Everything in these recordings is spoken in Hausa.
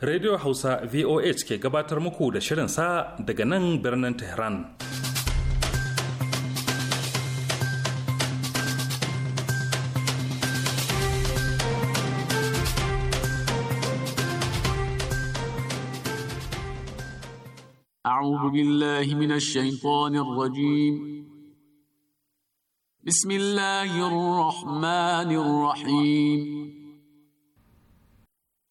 radio hausa voh ke gabatar muku da shirin daga nan birnin tehran أعوذ بالله من الشيطان الرجيم بسم الله الرحمن الرحيم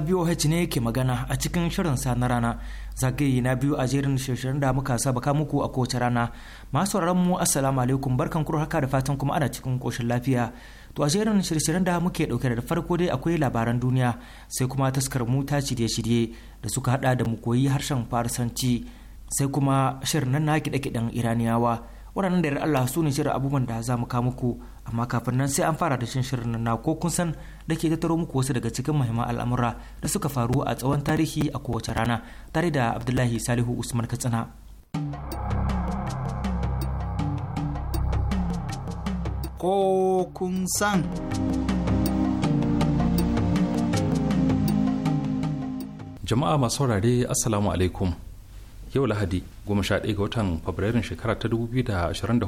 biyu h ne ke magana a cikin shirin sa na rana zagaye na biyu a jerin shirin da muka saba ka muku a kowace rana. Masu mu assalamu alaikum barkan kuro haka da fatan kuma ana cikin koshin lafiya. To a jerin shirin da muke dauke da farko dai akwai labaran duniya sai kuma taskar mu ta shirye-shirye da suka hada da mu koyi harshen Farsanci sai kuma shirin nan na kiɗe-kiɗen Iraniyawa. waɗannan da Allah su ne shirin abubuwan da za mu muku amma kafin nan sai an fara da shin shirin na ko kun san da ke tattaro muku wasu daga cikin muhimman al'amura da suka faru a tsawon tarihi a kowace rana tare da Abdullahi Salihu Usman Katsina. Ko kun san. Jama'a masu saurare Assalamu alaikum. yau lahadi 11 ga watan fabrairun shekara ta 2024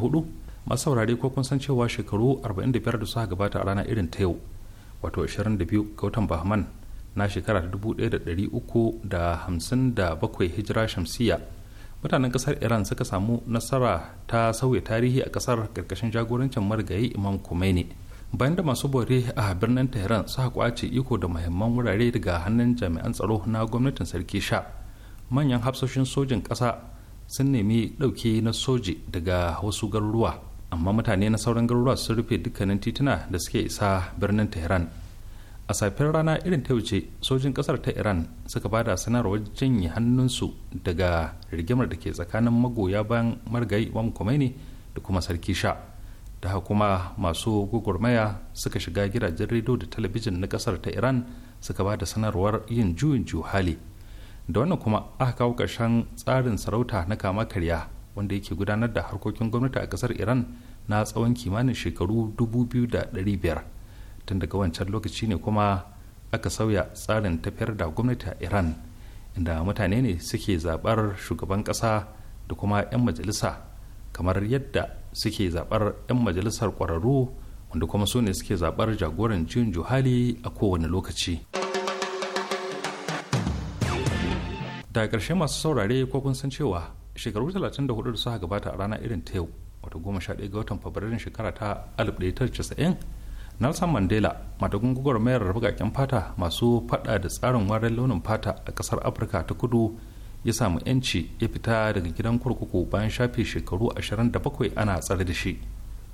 masu saurare ko kun san cewa shekaru 45 da suka gabata a rana irin ta yau wato 22 ga watan bahman na shekara ta dubu ɗaya da ɗari bakwai hijira shamsiya mutanen kasar iran suka samu nasara ta sauya tarihi a kasar karkashin jagorancin marigayi imam khomeini bayan da masu bore a birnin tehran suka kwace iko da muhimman wurare daga hannun jami'an tsaro na gwamnatin sarki sha manyan hafsoshin sojin ƙasa sun nemi ɗauke na soji daga wasu garuruwa amma mutane na sauran garuruwa sun rufe dukkanin tituna da suke isa birnin tehran a safiyar rana irin ta wuce sojin ƙasar ta iran suka bada sanarwar janye hannunsu daga rigimar da ke tsakanin magoya bayan margayi imam da kuma sarki sha da kuma masu gwagwarmaya suka shiga gidajen rediyo da talabijin na ƙasar ta iran suka bada sanarwar yin juyin juhali da wannan kuma aka kawo ƙarshen tsarin sarauta na kama karya wanda yake gudanar da harkokin gwamnati a ƙasar iran na tsawon kimanin shekaru dubu biyu da biyar tun daga wancan lokaci ne kuma aka sauya tsarin tafiyar da gwamnati a iran inda mutane ne suke zaɓar shugaban ƙasa da kuma 'yan majalisa kamar yadda suke zaɓar 'yan majalisar ƙwararru wanda kuma su ne suke zaɓar jagoran juhali a kowane lokaci. da ƙarshe masu saurare ko kun san cewa shekaru 34 da suka gabata a rana irin ta yau wato 11 ga watan fabrairun shekara ta 1990 nelson mandela matagun gwagwarmayar bugaken fata masu fada da tsarin warin launin fata a kasar afirka ta kudu ya samu yanci ya fita daga gidan kurkuku bayan shafe shekaru 27 ana tsare da shi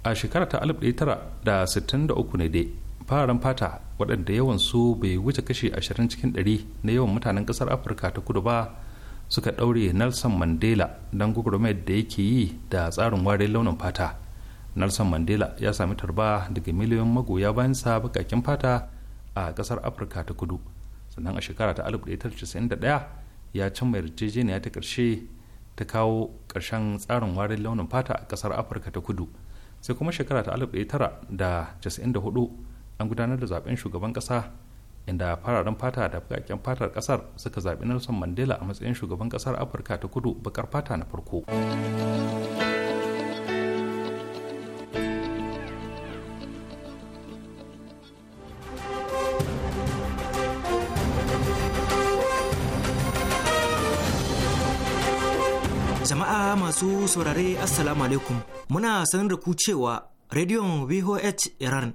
a shekara ta 1963 ne dai fararen fata waɗanda yawan su bai wuce kashi ashirin cikin 100 na yawan mutanen ƙasar afirka ta kudu ba suka ɗaure nelson mandela don gugurumar da yake yi da tsarin ware launin fata nelson mandela ya sami tarba daga miliyoyin magoya bayan sa bakakin fata a ƙasar afirka ta kudu sannan a shekara ta 1991 ya cimma yarjejeniya ta ƙarshe ta kawo ƙarshen tsarin warin launin fata a ƙasar afirka ta kudu sai kuma shekara ta 1994 an gudanar da zaben shugaban kasa inda fararen fata da bakin fatar kasar suka zaɓi nelson mandela a matsayin shugaban kasar afirka ta kudu bakar fata na farko jama'a masu saurare assalamu alaikum muna sanar da ku cewa rediyon vhh iran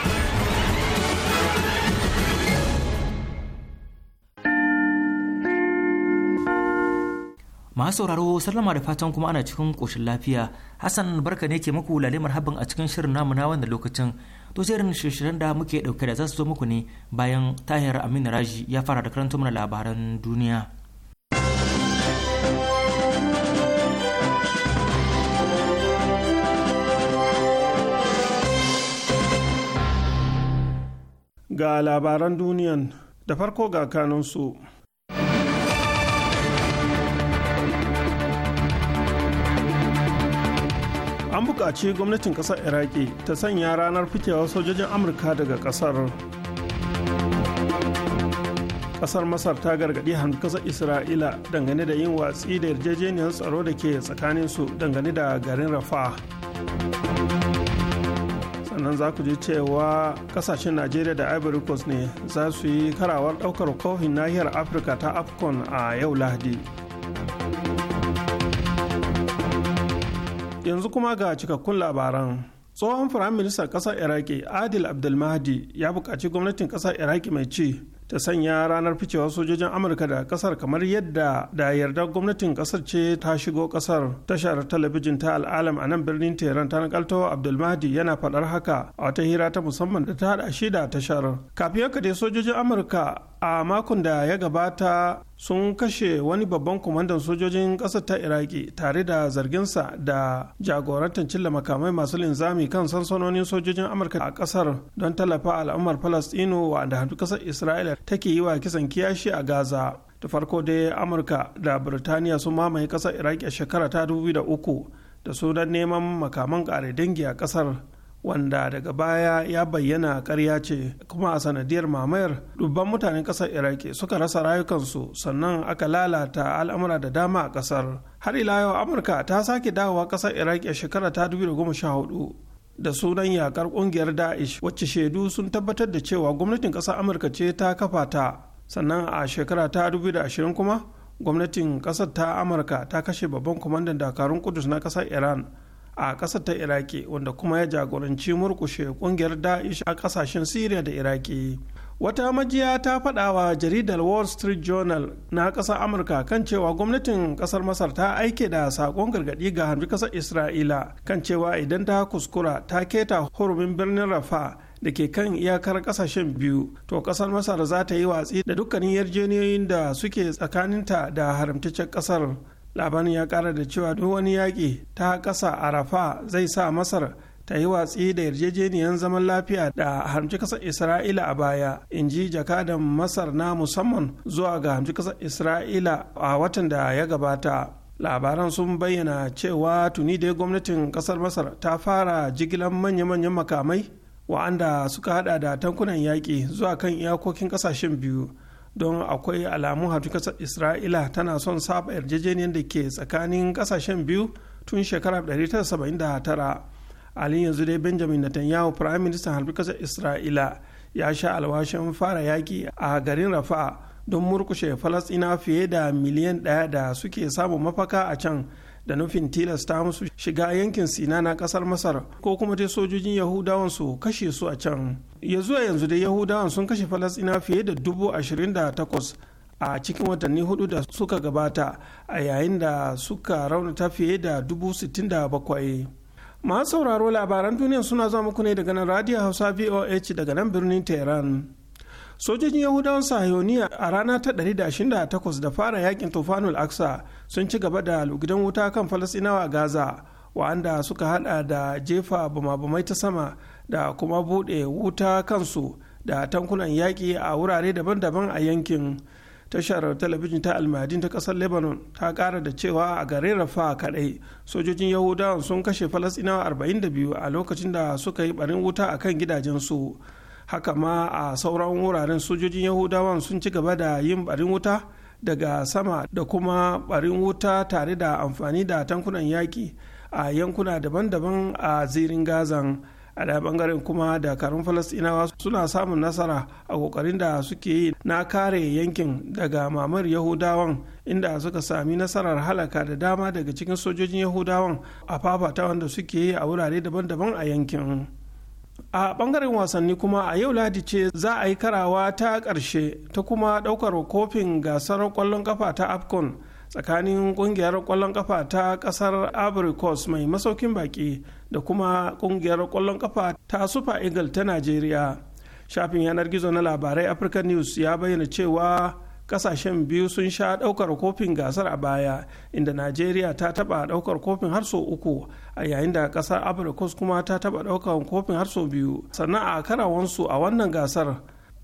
masu sauraro sallama da fatan kuma ana cikin koshin lafiya hassan barka ne ke muku lalimar habin a cikin shirin namu na wannan lokacin to shirin shirin da muke dauke da za su zo muku ne bayan tahir amin raji ya fara da karanta mana labaran duniya ga labaran duniyan da farko ga kanunsu an buƙaci gwamnatin ƙasar iraki ta sanya ranar fikewar sojojin amurka daga ƙasar ƙasar masar ta gargaɗi hannun ƙasar isra'ila dangane da yin watsi da yarjejeniyar tsaro da ke tsakanin su dangane da garin rafa sannan za ku ji cewa ƙasashen najeriya da ivory coast ne za su yi karawar ɗaukar kofin nahiyar afirka ta afcon a yau lahadi yanzu kuma ga cikakkun labaran tsohon firaministan ƙasar iraki adil abdulmahdi ya buƙaci gwamnatin ƙasar iraki mai ci ta sanya ranar ficewar sojojin amurka da ƙasar kamar yadda da yardar gwamnatin ƙasar ce ta shigo ƙasar. tashar talabijin ta al'alam a nan birnin tehran ta nakalto abdulmahdi yana faɗar haka a wata hira ta musamman da ta haɗa shi da tashar kafin haka dai sojojin amurka a makon da ya gabata sun kashe wani babban kwamandan sojojin ƙasar ta iraki tare da zarginsa da jagorantar cilla makamai masu linzami kan sansanonin sojojin amurka a ƙasar don tallafa al'ummar falastino wanda ƙasar isra'ila take yi wa kisan kiyashi a gaza da farko dai amurka da birtaniya sun mamaye ƙasar iraki a shekara ta 2003 da sunan neman makaman ƙare dangi a ƙasar wanda daga baya ya bayyana karya ce kuma a sanadiyar mamayar dubban mutanen ƙasar iraki suka rasa rayukansu sannan aka lalata al'amura da dama a ƙasar har ila yau amurka ta sake dawowa ƙasar iraki a shekara ta 2014 da sunan yakar ƙungiyar da'ish wacce shaidu sun tabbatar da cewa gwamnatin ƙasar Amurka ce ta kafa ta. Sannan a shekara ta 2020 kuma gwamnatin ƙasar ta Amurka ta kashe babban kwamandan dakarun Kudus na ƙasar Iran a ƙasar ta iraki wanda kuma ya jagoranci murkushe ƙungiyar da'ish a ƙasashen syria da iraki wata majiya ta faɗa wa jaridar wall street journal na ƙasar amurka kan cewa gwamnatin ƙasar masar ta aike da saƙon gargaɗi ga hamji ƙasar isra'ila kan cewa idan ta kuskura ta keta hurumin birnin rafa da ke kan iyakar ƙasashen biyu to ƙasar masar za ta yi watsi da dukkanin yarjejeniyoyin da suke tsakaninta da haramtaccen ƙasar labarin ya kara da cewa duk wani yaƙi ta ƙasa arafa zai sa masar ta yi watsi da yarjejeniyar zaman lafiya da hamci kasar isra'ila a baya in ji jakadan masar na musamman zuwa ga hamci kasar isra'ila a watan da ya gabata labaran sun bayyana cewa tuni dai gwamnatin kasar masar ta fara jigilar manya-manyan makamai wa'anda suka hada da tankunan yaƙi zuwa kan iyakokin kasashen biyu don akwai alamun hatu kasar isra'ila tana son saba yarjejeniyar da ke tsakanin kasashen biyu tun shekarar 1979 alin yanzu dai benjamin netanyahu prime minister harbi kasar isra'ila ya sha alwashin fara yaki a garin rafa don murkushe falasina fiye da miliyan ɗaya da suke samun mafaka a can da nufin tilasta musu shiga yankin sina na kasar masar ko kuma dai sojojin yahudawan su kashe su a can ya zuwa yanzu dai yahudawan sun kashe falasina fiye da dubu ashirin da takwas a cikin watanni hudu da suka gabata a yayin da suka raunata fiye da dubu sittin da bakwai masu sauraro labaran duniya suna zama muku ne daga nan radio hausa voh daga nan birnin tehran sojojin yahudawan sahiyoniya a rana ta 128 da fara yakin tufanul aksa sun ci gaba da lugudan wuta kan falasinawa gaza wa'anda suka hada da jefa bumabumai ta sama da kuma bude wuta kansu da tankunan yaƙi a wurare daban-daban a yankin tashar talabijin ta almadin ta ƙasar lebanon ta kara da cewa a garin rafa kaɗai sojojin yahudawan sun kashe falasinawa 42 a lokacin da suka yi barin wuta a kan gidajensu haka ma a sauran wuraren sojojin yahudawan sun ci gaba da yin barin wuta daga sama da kuma barin wuta tare da amfani da tankunan yaƙi a yankuna daban-daban a zirin gazan a daya bangaren kuma da dakarun falasɗinawa suna samun nasara a kokarin da suke yi na kare yankin daga mamar yahudawan inda suka sami nasarar halaka da dama daga cikin sojojin yahudawan a fafata wanda suke yi a wurare daban-daban a yankin. a bangaren wasanni kuma a yau ladi ce za a yi karawa ta ƙarshe ta kuma ɗaukar kofin gasar ƙwallon kafa ta afcon tsakanin ƙungiyar ƙwallon kafa ta ƙasar abricos mai masaukin baƙi da kuma ƙungiyar ƙwallon kafa ta super eagle ta najeriya shafin yanar gizo na labarai african news ya bayyana cewa kasashen biyu sun sha daukar kofin gasar a baya inda najeriya ta taba daukar kofin har sau uku a yayin da kasar abrikos kuma ta taba daukar kofin har sau biyu sannan a karawansu a wannan gasar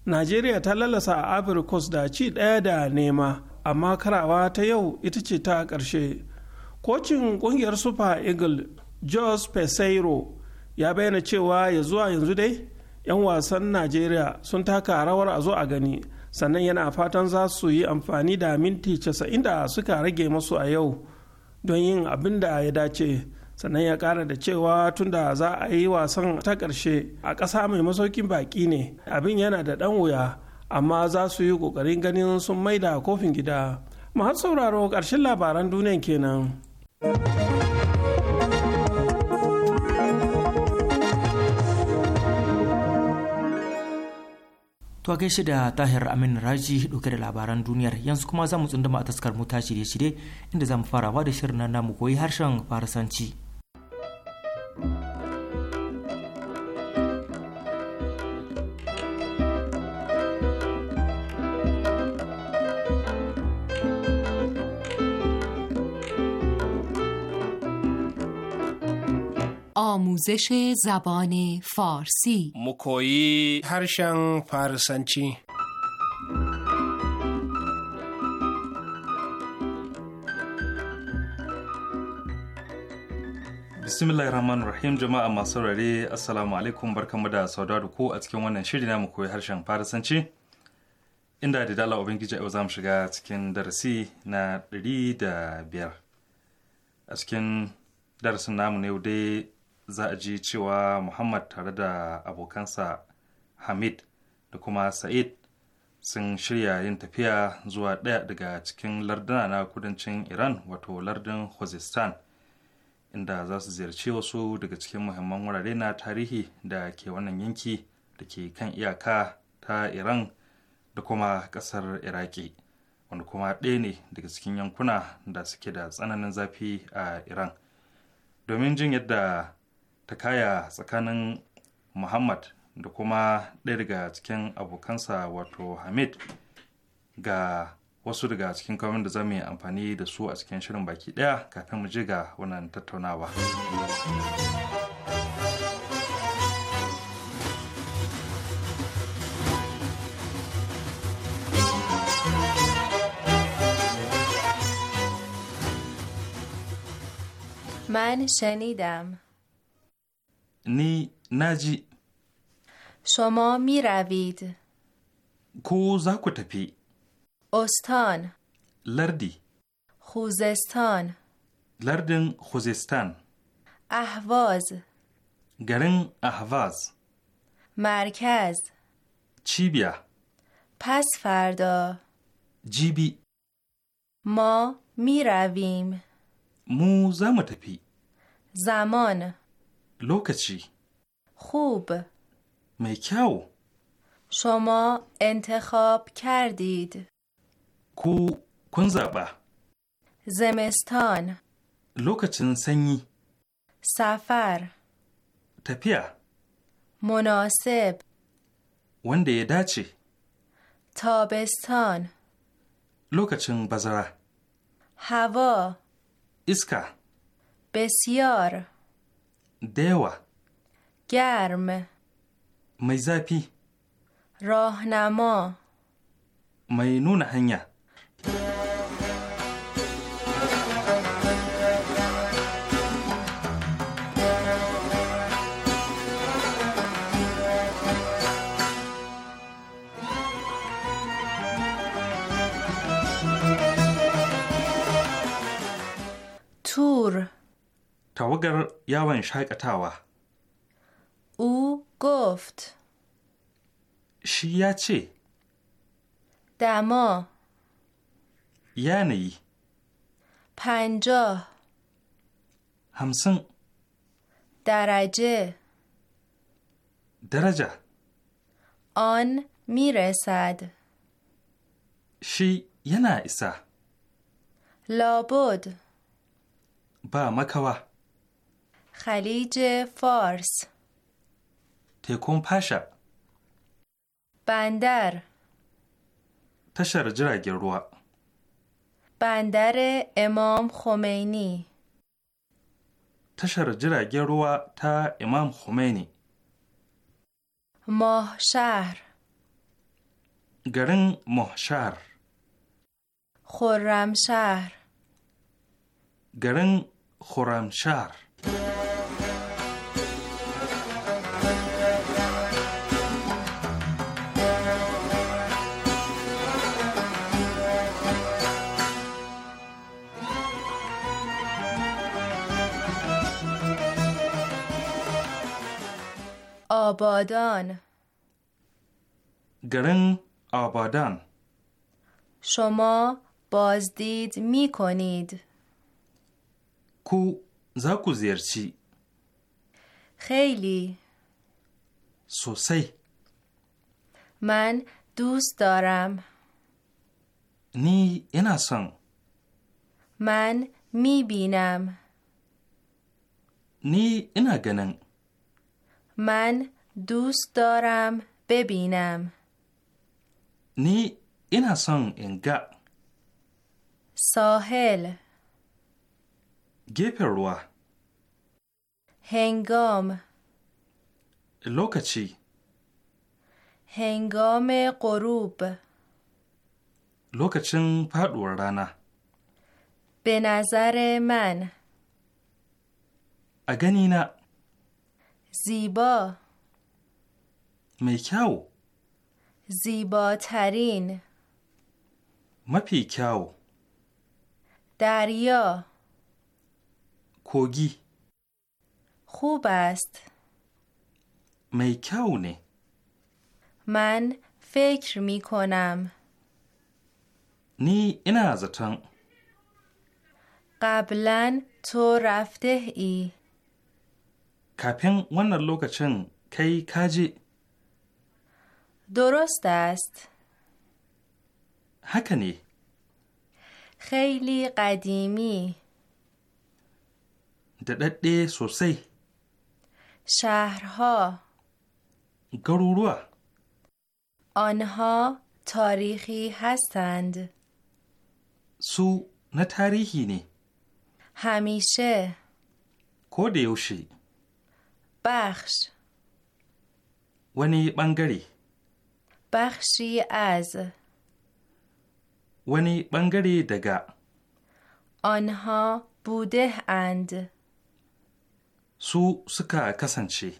najeriya ta lalasa a abrikos da ci daya da nema amma karawa ta yau ita ce ta karshe kocin kungiyar super eagle jos peseiro ya bayyana cewa ya zuwa yanzu dai 'yan wasan najeriya sun taka rawar a zo a gani sannan yana fatan za su yi amfani da minti 90 da suka rage masu a yau don yin abin da ya dace sannan ya kara da cewa tunda za a yi wasan ta ƙarshe a ƙasa mai masaukin baƙi ne abin yana da ɗan wuya amma za su yi ƙoƙarin ganin sun maida kofin gida masu sauraro ƙarshen labaran duniyan kenan. To a gaishe da Tahir Amin Raji dauke da labaran duniyar yanzu kuma za mu tsunduma a taskar mu shirye-shirye inda za mu farawa da shirin na namu koyi harshen you آموزش زبان فارسی مکویی هرشن فارسنچی bismillahir rahmanir rahim jama'a masu asalamualikum assalamu alaikum barkamu da sauda da a cikin wannan shiri na mu koyi harshen farisanci inda da dala ubangiji yau za shiga cikin darasi na ɗari da biyar a cikin darasin namu yau dai za a ji cewa muhammad tare da abokansa hamid da kuma sa'id sun shirya yin tafiya zuwa ɗaya daga cikin larduna na kudancin iran wato lardin khuzestan inda za su ziyarci wasu daga cikin muhimman wurare na tarihi da ke wannan yanki da ke kan iyaka ta iran da kuma ƙasar iraki wanda kuma ɗaya ne daga cikin yankuna da suke da tsananin zafi a iran domin jin yadda ta kaya tsakanin muhammad da kuma ɗaya daga cikin abokansa wato hamid ga wasu daga cikin kawai da zamu yi amfani da su a cikin shirin baki ɗaya kafin mu ga wannan tattaunawa. من شنیدم نی نجی شما می روید کو زاکو تپی استان لردی خوزستان لردن خوزستان اهواز گرن احواز مرکز بیا پس فردا جیبی ما می رویم مو تپی زمان لوکچی خوب میکاو شما انتخاب کردید کو کن زمستان لوکچن سنی سفر تپیا مناسب ونده یه داچه تابستان لوکچن بزرا هوا اسکا بسیار dewa germ mai zafi rahnama mai nuna hanya yeah. tawagar yawon shaƙatawa. U goft. Shi ya ce, Damo. Yanayi. Panjo. Hamsin. Daraje. Daraja. On miresad. Shi yana isa. Labod. Ba makawa. خلیج فارس تکون پاشا بندر تشر روا بندر امام خمینی تشر جرگی روا تا امام خمینی ماه شهر گرن ماه شهر خورم شهر گرن خورم شهر آبادان گرن آبادان شما بازدید می کنید کو za ku ziyarci. Khaili. Sosai. Man dustaram. Ni ina son. Man mi binam. Ni ina ganin. Man dustaram bebinam. Ni ina son in ga. Sohel. Gefen ruwa. هنگام لوکچی هنگام غروب لوکچن پادور به نظر من اگنینا زیبا میکاو زیباترین ترین دریا کوگی خوب است میکونه من فکر می کنم نی این از قبلا تو رفته ای کپین ونر لوکچن کی کاجی درست است هکنی خیلی قدیمی ددده سوسی شهرها گروروه آنها تاریخی هستند سو نه تاریخی نی همیشه کودیوشی بخش ونی بنگری بخشی از ونی بنگری دگا آنها بوده اند su suka kasance.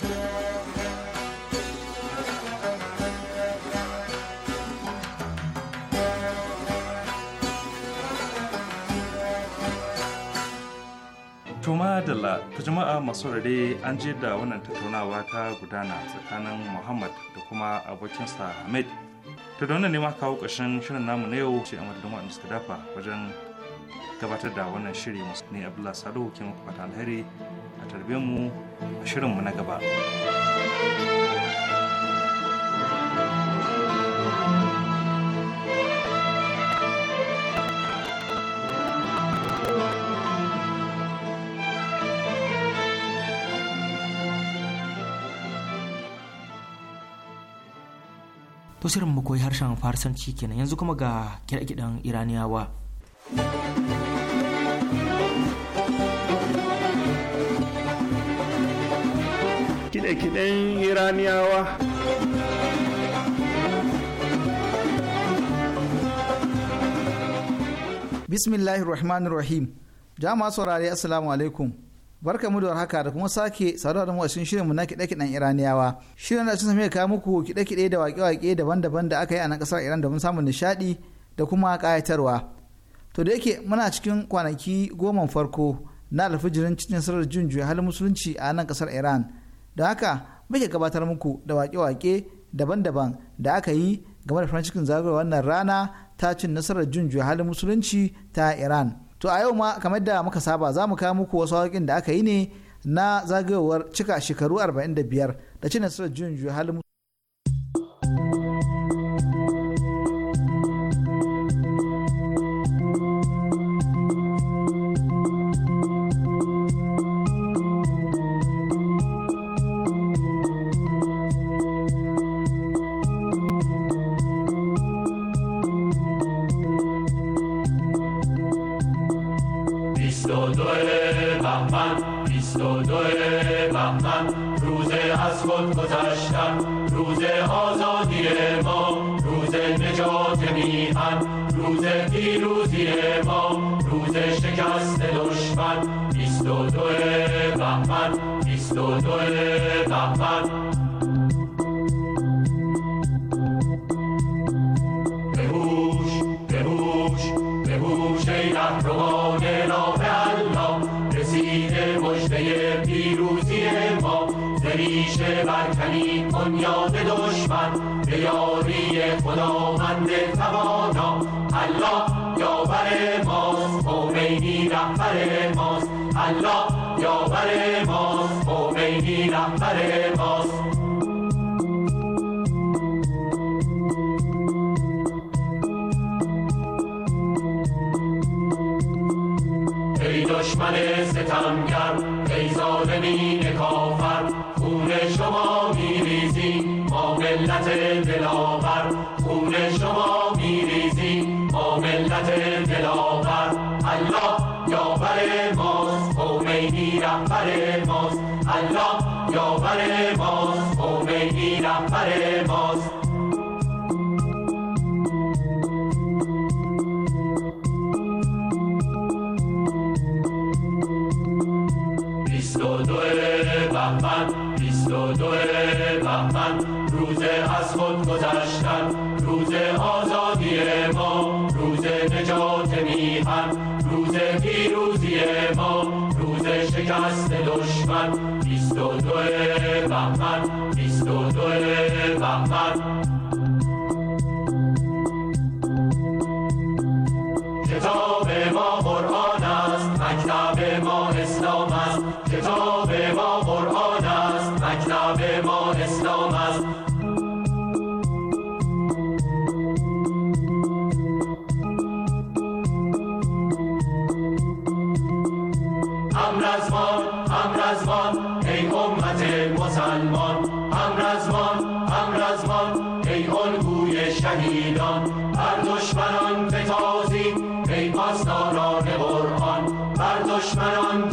Tumadala ta jama'a masu rare an je da wannan tattaunawa ta gudana tsakanin Muhammad da kuma abokinsa ahmed Ta da wannan ne ma kawo ƙarshen shirin namu na yau ce a madadin waɗanda suka dafa wajen gabatar da wannan shiri musu ne abdullah sadu ke muku fata alheri a tarbe mu a shirinmu na gaba to shirin mu koyi harshen farsanci kenan yanzu kuma ga kiɗe iraniyawa ɗin iraniyawa bismillahi rahim jama'a saurare assalamu alaikum barka mu da warhaka da kuma sake saduwa da mu a cikin shirinmu na kiɗe-kiɗen iraniyawa shirin da sun sami kawo muku kiɗe-kiɗe da waƙe-waƙe daban-daban da aka yi a nan ƙasar iran domin samun nishaɗi da kuma ƙayatarwa to da yake muna cikin kwanaki goma farko na alfijirin cikin sarar jin juya halin musulunci a nan ƙasar iran da haka muke gabatar muku da wake-wake daban-daban da aka yi game da francis zagayowar wannan rana ta cin nasarar jin halin musulunci ta iran to a yau ma kamar da muka saba za mu kawo muku wasu waƙin da aka yi ne na zagayowar cika shekaru 45 da cin nasarar jin halin musulunci تیشه برکنیم بنیاد دشمن به یاری خداوند توانا الله یاور ماست خمینی رهبر ماست الله یاور ماست خمینی رهبر ماست ای دشمن ستمگر ای ظالمی نکاف شما میریزیم با ملت دلاور خون شما میریزیم با ملت دلاور الله یاور ماست خمینی رهبر ماست الله یاور ماست خمینی رهبر ماست بیست و دو بهمن بیست بهمن روز از خود گذشتن روز آزادی ما روز نجات میهن روز پیروزی ما روز شکست دشمن بیست دو بهمن بیست و دو بهمن Lakshmanon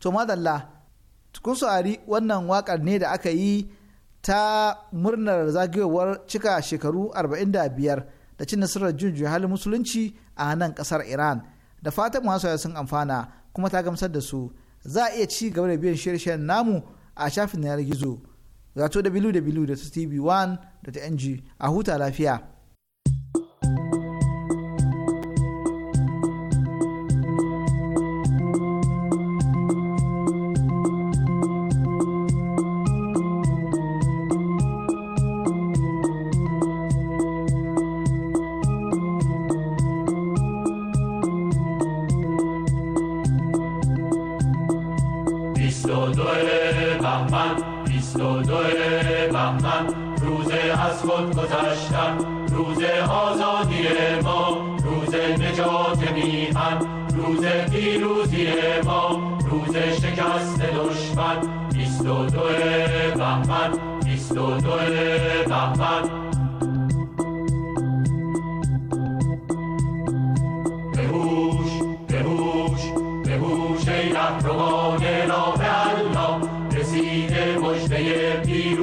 to madalla kun saurari wannan wakar ne da aka yi ta murnar zagayowar cika shekaru 45 da cin nasarar juju halin musulunci a nan kasar iran da fatan masu sun amfana kuma ta gamsar da su za a iya ci gaba da biyan shirye-shiryen namu a shafin yanar gizo wato www.tv1.ng a huta lafiya.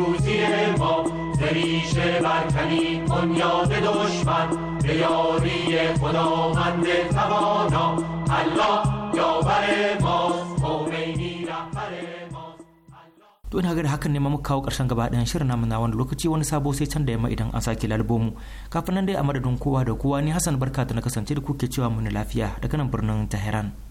روزی ما ریشه برکنی بنیاد دشمن به یاری خداوند توانا الله یاور ما da hakan ne ma kawo karshen gaba ɗayan shirin namu na wani lokaci wani sabo sai can da yamma idan an sake lalbomu. Kafin nan dai a madadin kowa da kowa ne Hassan Barka ta na kasance da kuke cewa muni lafiya daga nan birnin Tehran.